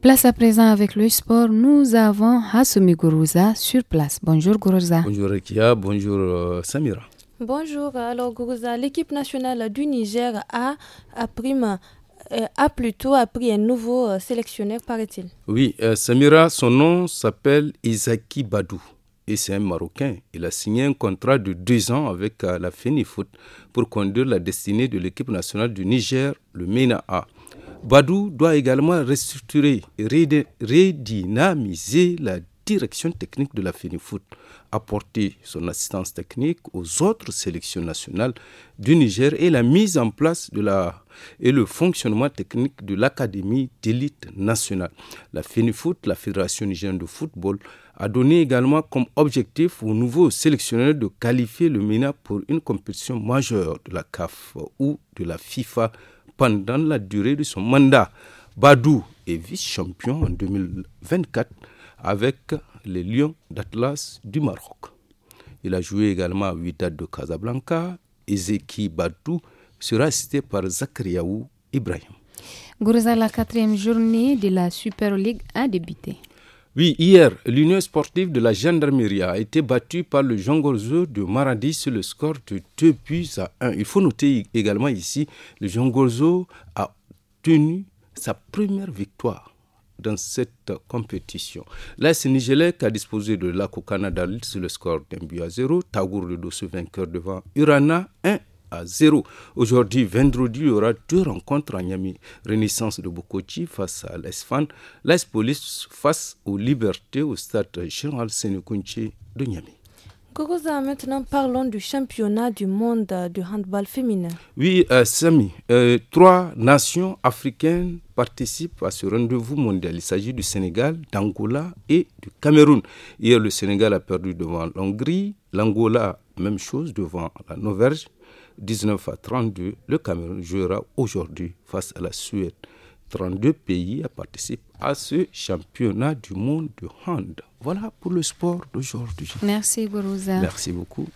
Place à présent avec le sport, nous avons Hassoumi Gourouza sur place. Bonjour Gourouza. Bonjour Rekia, bonjour euh, Samira. Bonjour, alors Gourouza, l'équipe nationale du Niger a, a euh, plutôt appris un nouveau euh, sélectionneur, paraît-il. Oui, Samira, son nom s'appelle Isaki Badou et c'est un Marocain. Il a signé un contrat de deux ans avec la Foot pour conduire la destinée de l'équipe nationale du Niger, le MENA A. Badou doit également restructurer et redynamiser la direction technique de la FENIFOOT, apporter son assistance technique aux autres sélections nationales du Niger et la mise en place de la et le fonctionnement technique de l'Académie d'élite nationale. La FENIFOOT, la Fédération nigérienne de football, a donné également comme objectif aux nouveaux sélectionneurs de qualifier le MENA pour une compétition majeure de la CAF ou de la FIFA pendant la durée de son mandat. Badou est vice-champion en 2024 avec les Lions d'Atlas du Maroc. Il a joué également à Wydad de Casablanca. Ezeki Badou sera assisté par Zakariaou Ibrahim. Gourza, la quatrième journée de la Super League a débuté. Oui, hier, l'Union sportive de la gendarmerie a été battue par le Jongorzo de Maradi sur le score de 2 buts à 1. Il faut noter également ici, le Jongorzo a tenu sa première victoire dans cette compétition. L'AS Nigelec a disposé de l'ACO Canada sur le score d'un but à 0. Tagour Ludo vainqueur devant Urana 1 à zéro. Aujourd'hui, vendredi, il y aura deux rencontres à Niamey. Renaissance de Bokochi face à l'ESFAN, l'ESPOLIS face aux libertés au stade général Sénékounché de Niamey. Kokoza, maintenant parlons du championnat du monde de handball féminin. Oui, euh, euh, trois nations africaines participent à ce rendez-vous mondial. Il s'agit du Sénégal, d'Angola et du Cameroun. Hier, le Sénégal a perdu devant l'Hongrie, l'Angola, même chose, devant la Norvège 19 à 32, le Cameroun jouera aujourd'hui face à la Suède. 32 pays participent à ce championnat du monde de hand. Voilà pour le sport d'aujourd'hui. Merci Merci beaucoup.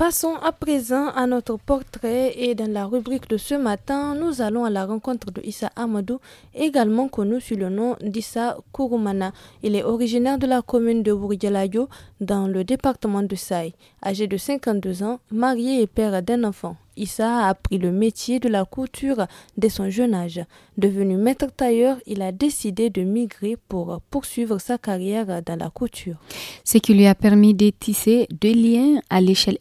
Passons à présent à notre portrait et dans la rubrique de ce matin, nous allons à la rencontre de Issa Amadou, également connu sous le nom d'Issa Kouroumana. Il est originaire de la commune de Bourdialayo dans le département de Saï. Âgé de 52 ans, marié et père d'un enfant. Issa a appris le métier de la couture dès son jeune âge. Devenu maître tailleur, il a décidé de migrer pour poursuivre sa carrière dans la couture. Ce qui lui a permis de tisser des liens à l'échelle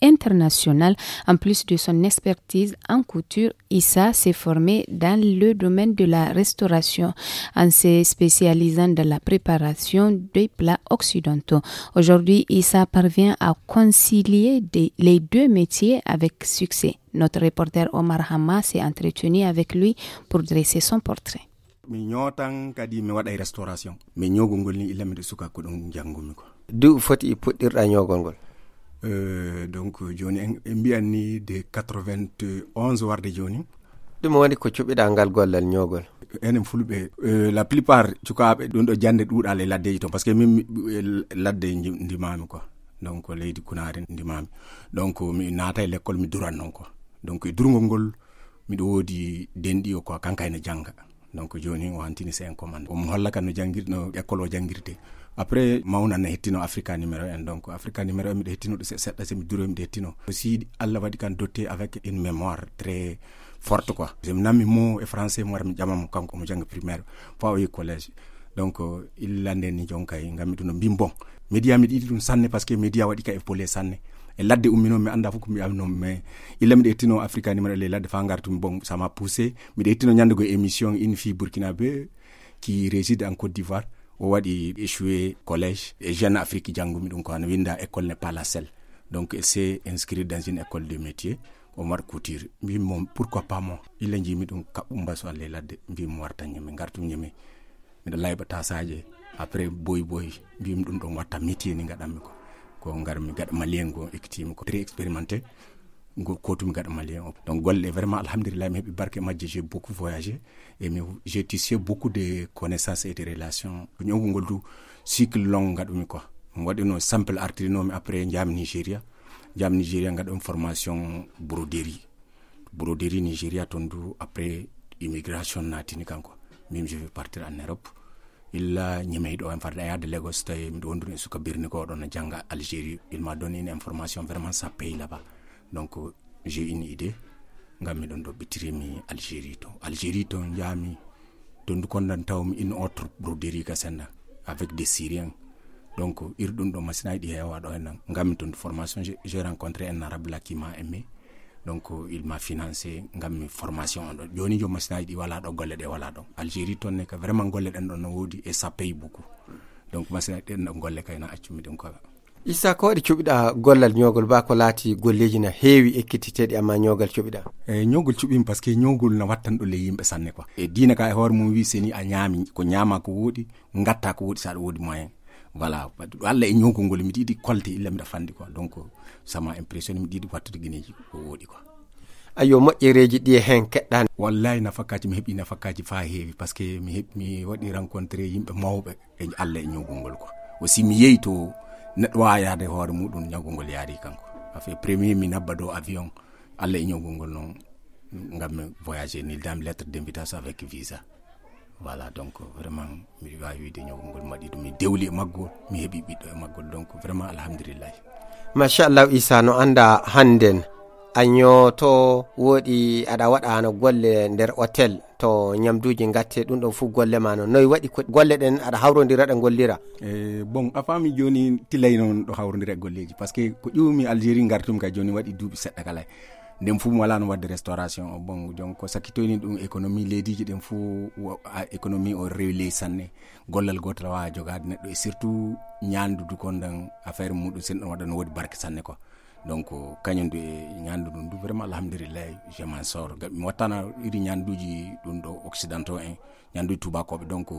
internationale, en plus de son expertise en couture Issa s'est formé dans le domaine de la restauration en se spécialisant dans la préparation des plats occidentaux. Aujourd'hui, Issa parvient à concilier les deux métiers avec succès. Notre reporter Omar Hama s'est entretenu avec lui pour dresser son portrait. Euh, donc joni en mbiyan ni de 91 warde joni ɗum waɗi ko cuɓiɗa ngal gollal ñogol enen fulɓe euh, la plupart cukaɓe ɗum ɗo jande ɗuɗal e laddeji toon par ce que min ladde ndimami quoi donc leydi kunari ndimami donc mi naata e l'école mi duran noon quoi donc e durgol ngol miɗo woodi denɗi o quoi kanka ene jangga donc joni o hantini c'est un commande omo hollaka no jangir no école o jangguirde après mawnana hettino africa numéro 1 donc africa numéro 1 miɗo hettinoɗo seɗɗa semi duroy miɗo hettino aussi allah waɗi kan doté avec une mémoire très forte quoi somi nammi mo e français mo wara mi ƴamamo kanko omo jangga primaire fa au collège donc euh, il nden ni jonka e gam miɗum no mbim bon média miɗo yiɗi sanne par que media wadi ka épaulé sanne e ladde ummino mi anda fof ko mi amnom mais illa miɗo ettino africa numéro ley ladde fa gartumi bon ça m'a poussé miɗo ettino ñande go émission une fille burkinabé qui réside en côte d'ivoire o waɗi échoué collège e jeune afrique janngumi ɗum ko ana winda école n'est pas la sel donc se inscrit dans une école de métier omar couture mbimo pourquoi pas mo illa jimi ɗum kaɓɓum soit aller ladde mbimo warta ñami gartum tasaje après métier ni ko ko garmi ko gaɗa malien o donc golle vraiment alhamdulillah mi heeɓi barke majje j'ai beaucoup voyagé et mi j'ai tissé beaucoup de connaissances et de relations. ko ngol du cycle long gaɗumi quoi mi waɗino sample artirinomi après Nigeria. nigéria jaam nigéria gaɗon formation broderie broderie nigéria toon du après immigration natini kanko mim je vais partir en europe illa ñemeyɗo en farde ayade lagos tawi miɗo wonduri e suka birni ko oɗon janga algérie il m'a donné une information vraiment ça pays là bas donc j'ai une idée gam miɗon ɗo ɓitirimi algérie to algérie to jami don kondan tawmi une autre broderie ka senna avec des syriens donc irɗum ɗo machine aji ɗi hewaɗo hennan gam ton formation j'ai rencontré un arabe là qui m'a aimé donc il m'a financé gam formation on ɗon joni jo machine ɗi wala ɗo golle ɗe wala ɗon algérie toon ne ka vraiment golle ɗen ɗon no et ça paye beaucoup donc machine aji ɗen ɗo golle kayna accumi ɗum kaga isa ko waɗi cuɓiɗa gollal ñogol ba ko laati golleji na heewi ekkititeɗi amma ñogal cuɓiɗa eyi ñogol cuɓimi par ce que ñogol na wattan ɗo ley yimɓe sanne quoi e diina ka e hoore mum wi seni a ñaami ko ñaama ko woɗi gatta ko woɗi sa aɗa woodi moyen voilà wadde ɗo allah e ñogol ngol miɗa yiɗi kolte illa miɗa fandi quoi donc sama impressionne miɗa yiɗi wattude guineji ko woɗi quoi ayo moƴƴereji ɗi e hen keɗɗani wallayi nafakkaji mi heeɓi nafakkaji fa heewi par ce que mi heɓ mi waɗi rencontré yimɓe mawɓe e allah e ñogol ngol quoi aussi mi yeeyi to neɗɗo wawa premier mi avion allah e voyage ni dame lettre d'invitation avec visa voilà donc vraiment mi wawi wiide ñawgol ngol mi mi e donc vraiment alhamdulillahi anda a yoto woɗi aɗa waɗano golle nder hotel to ñamduji gatte ɗum ɗon fuu golle ma no noyi waɗi golle ɗen aɗa hawrodira ɗa gollira e bon a fami joni tilay noon ɗo hawrodira e golleji par ce que ko ƴumi algérie gartumi ka joni waɗi duuɓi seɗɗa kalay nden fuu mi wala no wadde restauration o bon jon ko sakkitoyni ɗum économie leydiji ɗen fuu économie o rewi ley sanne gollal gotal wawa jogade neɗɗo e surtout ñandudu kon ɗan affaire muɗum sen ɗon waɗa no wodi barke sanne quoi donc kañum e ñande ɗum du vraiment alhamdulillahi je m'en sors mi wattana iri ñanduji ɗum ɗo occidentau en ñanduji tubakoɓe donc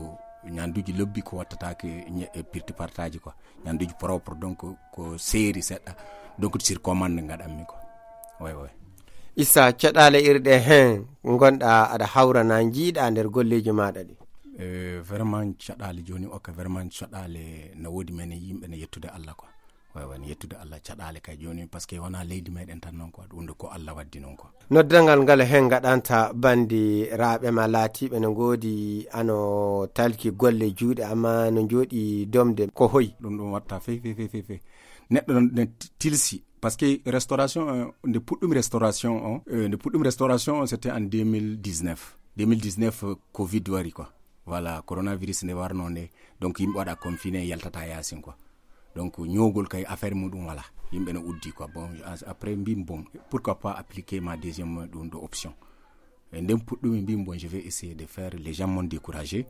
ñanduji lobbi ko wattatake e pirti partaji quoi ñanduji propre donc ko seeri seɗɗa donc commande gaɗanmi quoi way way issa caɗale irɗe hen gonɗa aɗa hawrana jiiɗa nder golleji maɗa euh, ɗi vraiment caɗale joni okka vraiment caɗale no wodi men yimɓe ne yettude allah quoi waywa ni yettude allah caɗale kay joni par ce que wona leydi meɗen tan noon quoi ɗum ɗo ko allah waddi noon quoi noddangal ngal hen gaɗanta bandiraɓe ma laatiɓe no godi ano talki golle juuɗe amma no jooɗi domde ko hoyi ɗum ɗum watta fe fe fe fe fe neɗɗo ne tilsi par ce que restauration euh, nde puɗɗumi restauration o euh, nde puɗɗumi restauration o c'était en 2019 2019 euh, covid wari quoi voilà coronavirus nde warno nde donc yimɓe waɗa confiné yaltata yasin quoi donc ñogol kay affaire muɗum wala yimɓe no uddi quoi bon après mbim bon pourquoi pas appliquer ma deuxième ɗum ɗo option e nden puɗɗumi mbim bon je vais essayer de faire les gens m'ont découragé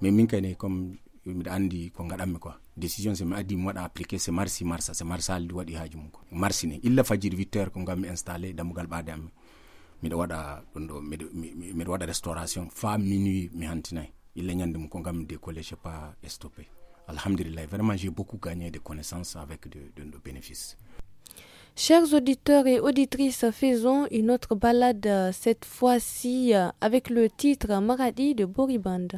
mais min kane comme miɗa andi ko gaɗanmi quoi décision so mi addi mi waɗa appliqué c'est marsi marsa c'est marsal waɗi haaji mum ko marsine illa fajiri 8 heures ko ngam mi installé dammugal ɓaade ammi miɗa waɗa ɗum ɗo miɗa waɗa restauration fa minuit mi hantinayi illa ñande mum ko ngam mi décollé je pas stoppé Alhamdulillah, vraiment, j'ai beaucoup gagné de connaissances avec de, de, bénéfices. Chers auditeurs et auditrices, faisons une autre balade, euh, cette fois-ci euh, avec le titre Maradi de Boriband.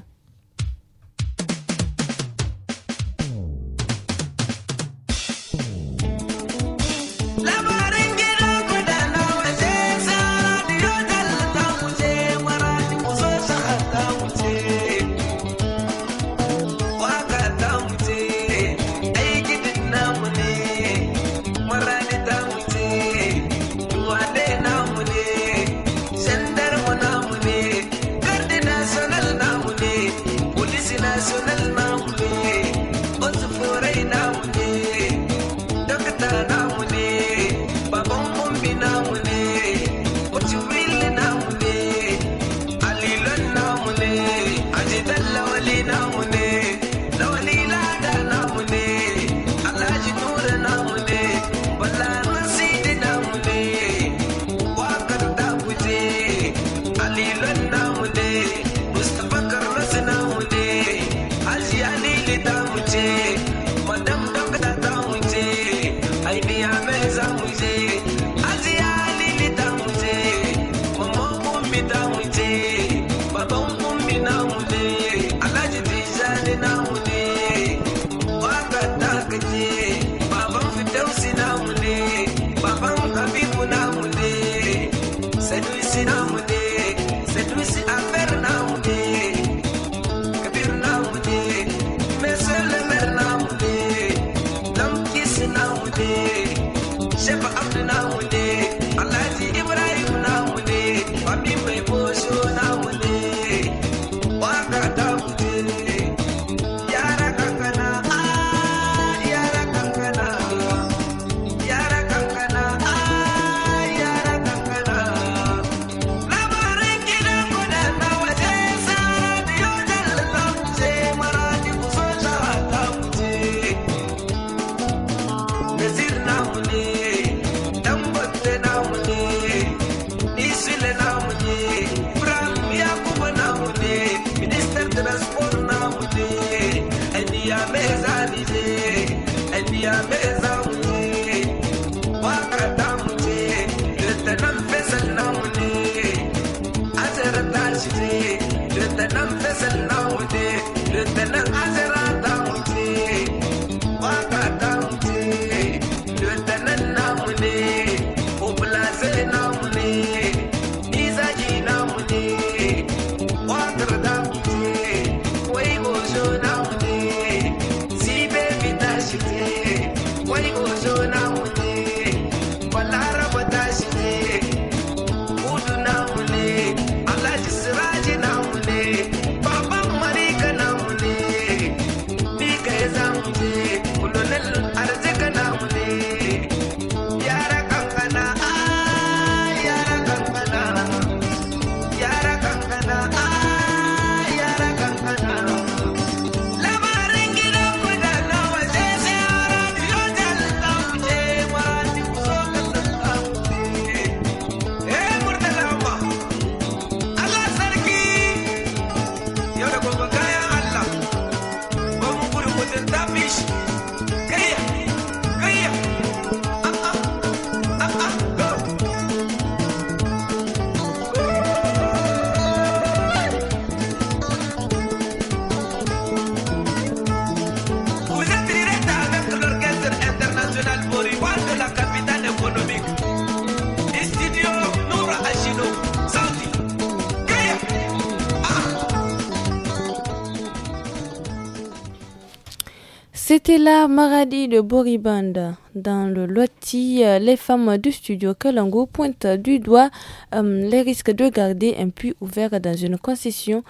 C'était la Maradi de Boribanda. Dans le loti, euh, les femmes du studio Kalango pointent du doigt euh, les risques de garder un puits ouvert dans une concession.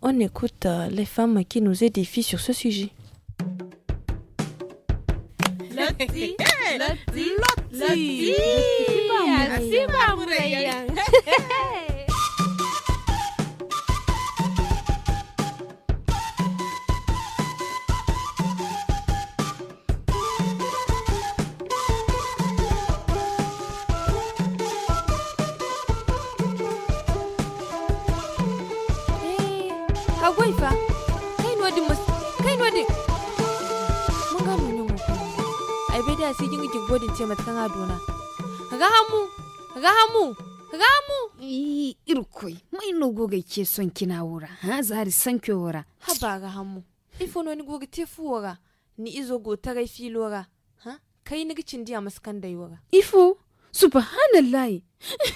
On écoute euh, les femmes qui nous édifient sur ce sujet. sai kin gigin godin ce mata ga hamu rahamu rahamu rahamu irkoi mai no goga ke son kina wura ha zari san ke wura hamu ifo no ni goga te fuwara ni izo go tarai filora ha kai ni gicin diya maskan da yura. ifo subhanallahi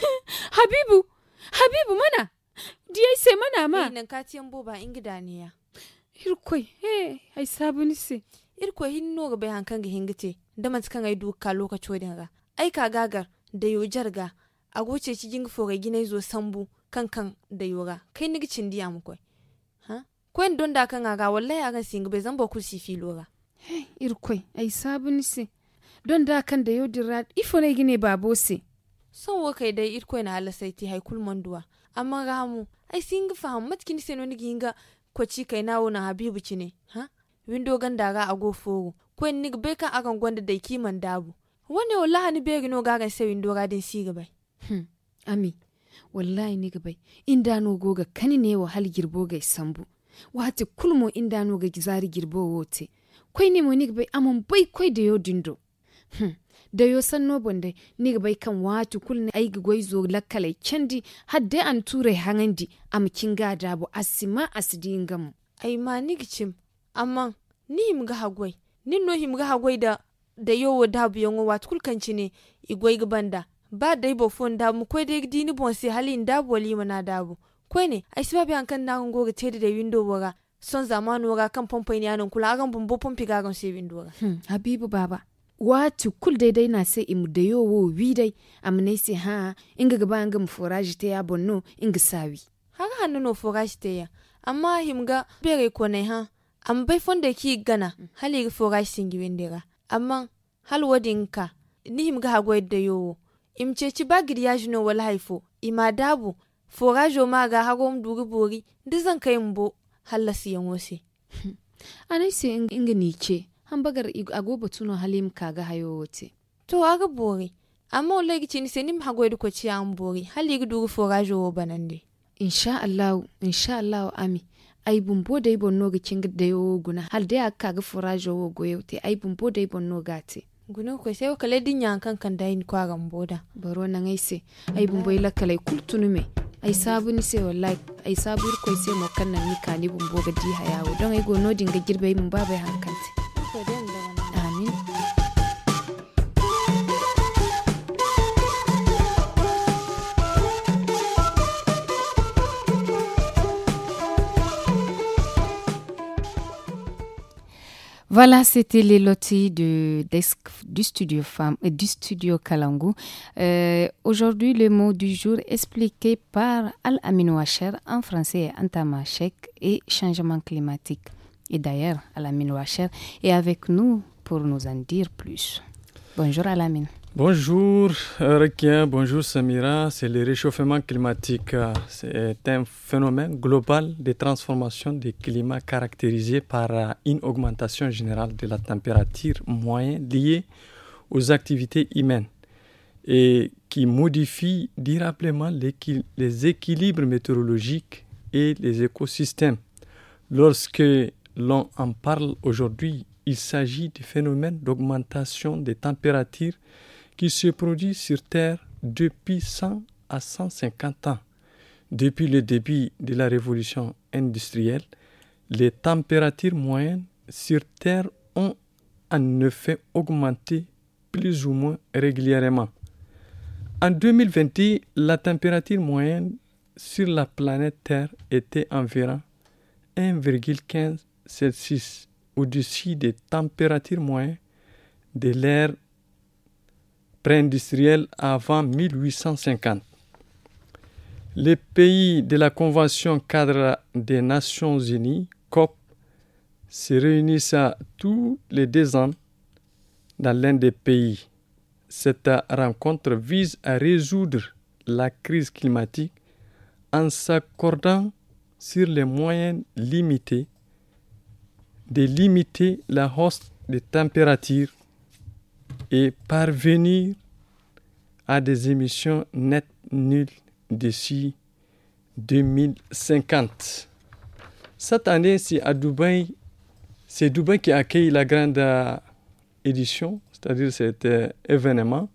habibu habibu mana diyai sai mana ma nan ka tiyan boba in ingida ne ya irkoi he ai sabuni se irko hinno ga bai hankan ga hingite da man kan ai duka lokaci wadin ga ai ka gagar da yo jarga a goce ci jing foga ga ginai zo sambu kan kan da yoga kai ni gicin diya mu koi ha koin don da kan ga wallahi a kan singa bai zan ba ku si filo ga hey irkoi ai sabun si don da kan da yo dira ifo ne gine babo si son wo kai dai irkoi na sai ti haikul manduwa amma ga mu ai singa fahimmat kin ni ginga ci kai nawo na habibu ci ne ha windo ganda ga ago fogo kwen nig kan akan gwanda da kiman dabu wani wallahi ni begi gino gagan sai windo din si gabai hmm. ami wallahi ni gabai inda no goga kani ne wa hal girbo ga sambu wati kulmo inda no ga gizari girbo wote kwai ne mo ni gabai amon bai kwai da yo dindo hmm. da yo san no bonde ni gabai kan wati kulne ai gwai zo lakkalai candi hadde an ture hangandi am kinga dabu asima asidin gamu ai ma ni gicim amma ni himga hagwai ni no himga hagwai da da yowo da bu yongo wat kulkanci ne igwai gbanda ba dai bo fon da mu kwai da dini bon si halin da boli mana da bu kwai ne ai sibabi an kan na ngo ga da window wora son zamanu wora kan pompo ni anan kula agan bombo pompi ga gon si window wora hmm. habibu baba watu kul dai-dai na sai imu da yowo wi dai amne si ha inga gaba anga mu forage te ya bonno inga sawi haka hannu no forage te ya amma himga bere ko ne ha am fonde ki gana mm. hali foga singi wendera amma hal wadin ka nihim ga hago yadda yowo ya jino wal haifo ima dabu foga jo ma ga bori halasi yan wose anai se inga halim kaga hayo to aga bori amma wallahi gici ni se nim hago yadda ko ci an bori hali banande insha Allah insha Allah ami ay bumbo day bonno ga cingir da yo guna hal da aka ga furajo wo goyo te ay bumbo day bonno gati guna ko sai ko le dinya kan kan dai ko ga mboda. baro na ngai se ay bumbo ila kalai kultunu me ay sabu ni se wallahi ay sabu ko sai mo kan nan ni kani bumbo ga di hayawo don ay go din ga girbe mun babai hankanti Voilà, c'était les lotis du, studio femme et euh, du studio Kalangu. Euh, aujourd'hui, le mot du jour expliqué par Al-Amin en français antamachek et changement climatique. Et d'ailleurs, Al-Amin est avec nous pour nous en dire plus. Bonjour Al-Amin. Bonjour euh, Rekien, bonjour Samira. C'est le réchauffement climatique. Euh, c'est un phénomène global de transformation des climats caractérisé par euh, une augmentation générale de la température moyenne liée aux activités humaines et qui modifie durablement les équilibres météorologiques et les écosystèmes. Lorsque l'on en parle aujourd'hui, il s'agit du phénomène d'augmentation des températures qui se produit sur Terre depuis 100 à 150 ans. Depuis le début de la révolution industrielle, les températures moyennes sur Terre ont en effet augmenté plus ou moins régulièrement. En 2020, la température moyenne sur la planète Terre était environ 1,15 Celsius au-dessus des températures moyennes de l'ère pré-industriel avant 1850. Les pays de la Convention cadre des Nations Unies, COP, se réunissent tous les deux ans dans l'un des pays. Cette rencontre vise à résoudre la crise climatique en s'accordant sur les moyens limités de limiter la hausse des températures et parvenir à des émissions nettes nulles d'ici 2050. Cette année, c'est à Dubaï, c'est Dubaï qui accueille la grande euh, édition, c'est-à-dire cet euh, événement.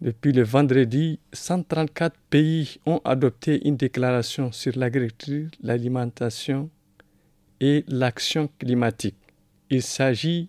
Depuis le vendredi, 134 pays ont adopté une déclaration sur l'agriculture, l'alimentation et l'action climatique. Il s'agit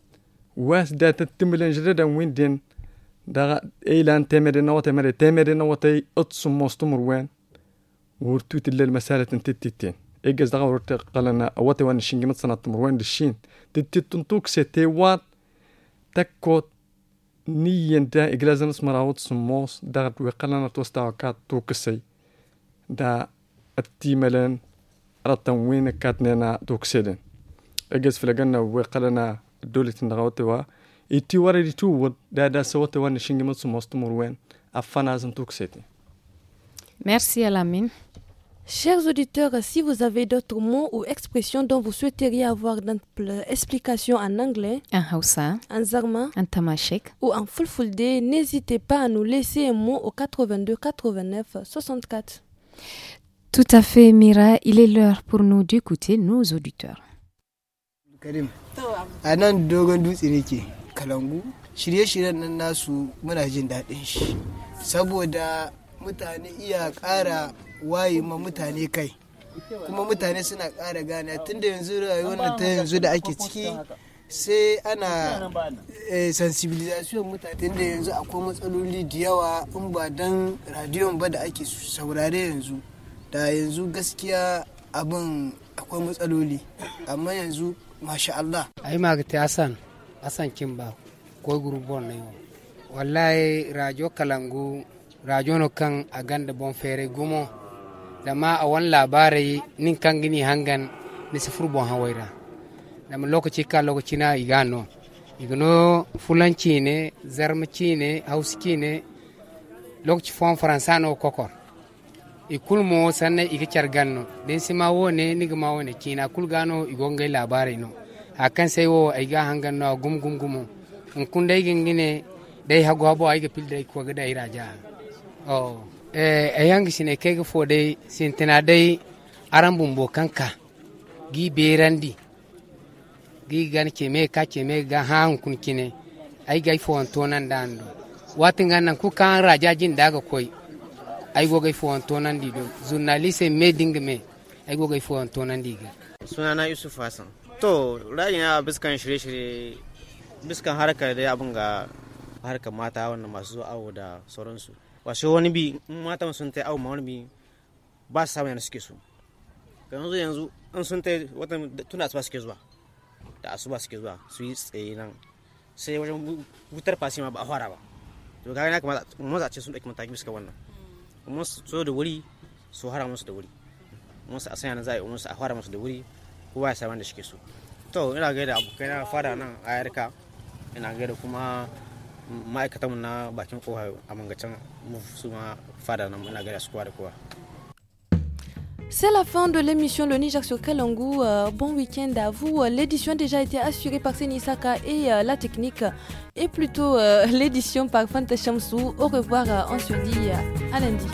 واس دا تتملن جدا وين دين دا ايلان تمر نو تمر تمر نو تي اتس مستمر وين ورتو تل المسالة تتتين ايجز دا ورت قالنا اوتي وان شينغ مت سنه تمر وين دشين تتتن توكسي تي وات تكو نيين دا إجلازن اسمرا سموس دا وقالنا ويقلنا توستا وكات توكسي دا التيملن رتن وين كاتنينا توكسيدن إجلس فلقنا ويقلنا merci à merci Chers auditeurs, si vous avez d'autres mots ou expressions dont vous souhaiteriez avoir d'explications en anglais, en Hausa, en Zarma, en Tamashek ou en Fulfulde, n'hésitez pas à nous laisser un mot au 82 89 64. Tout à fait, Mira, il est l'heure pour nous d'écouter nos auditeurs. Karim. Um, A nan dogon dutse nake kalangu. Shirye-shiryen nan nasu muna jin daɗin shi. Saboda mutane iya ƙara waye ma mutane kai. Kuma mutane suna ƙara gane tunda yanzu rayuwar nan ta yanzu da ake ciki sai ana eh, sensibilization mutane da yanzu akwai matsaloli da yawa in ba dan radiyon ba da ake saurare yanzu da yanzu gaskiya abin akwai matsaloli amma yanzu masha Allah ai magati Hassan asan kimba ko gurbon na yo wallahi rajo kalangu rajo no kan a ganda bon fere gumo da ma a wani labarai nin kan gini hangan ni sifur bon hawaira da ma lokaci ka lokaci na igano igano fulanci ne zarmaci ne hauski ne lokaci fon faransano kokor ikulmo sanne iga carganno den sima wo ne nigma wo ne kina kulgano igongay labari no akan sai wo aiga hanganno gum gum gumo in kundai gingine dai hago habo aiga dai ko ga dai raja o eh ayang e sine kega fo dai sintina dai arambum bo kanka gi berandi gi gan me ka me ga han kun kine aiga fo on tonan dando watin gannan ku kan raja jin daga koi ai gogai fuwan tonan di do journaliste me ding me ai gogai fuwan tonan di sunana Yusuf Hassan to ra'ayina biskan shirye-shirye biskan harkar da abin ga harkar mata wannan masu zuwa awo da sauransu wasu wani bi mata sun ta awo ma bi ba su samu yana suke su yanzu yanzu in sun ta wata tuna asuba suke zuwa da asuba suke zuwa su yi tsaye nan sai wajen wutar fasima ba a fara ba to ga na kamata mu zace sun dauki mataki suka wannan mun so da wuri su hara musu da wuri mun su a sanya na za musu a fara musu da wuri kowa ya samu da shike so to ina gaida abokai na fara nan a yarka ina gaida kuma ma'aikatanmu na bakin kowa a mangacin mu su ma fara nan ina gaida su kowa da kowa C'est la fin de l'émission Le Niger sur Kalangou. Euh, bon week-end à vous. Euh, l'édition a déjà été assurée par Senisaka et euh, la technique. Et plutôt l'édition par Fanta Shamsou. Au revoir, on se dit à lundi.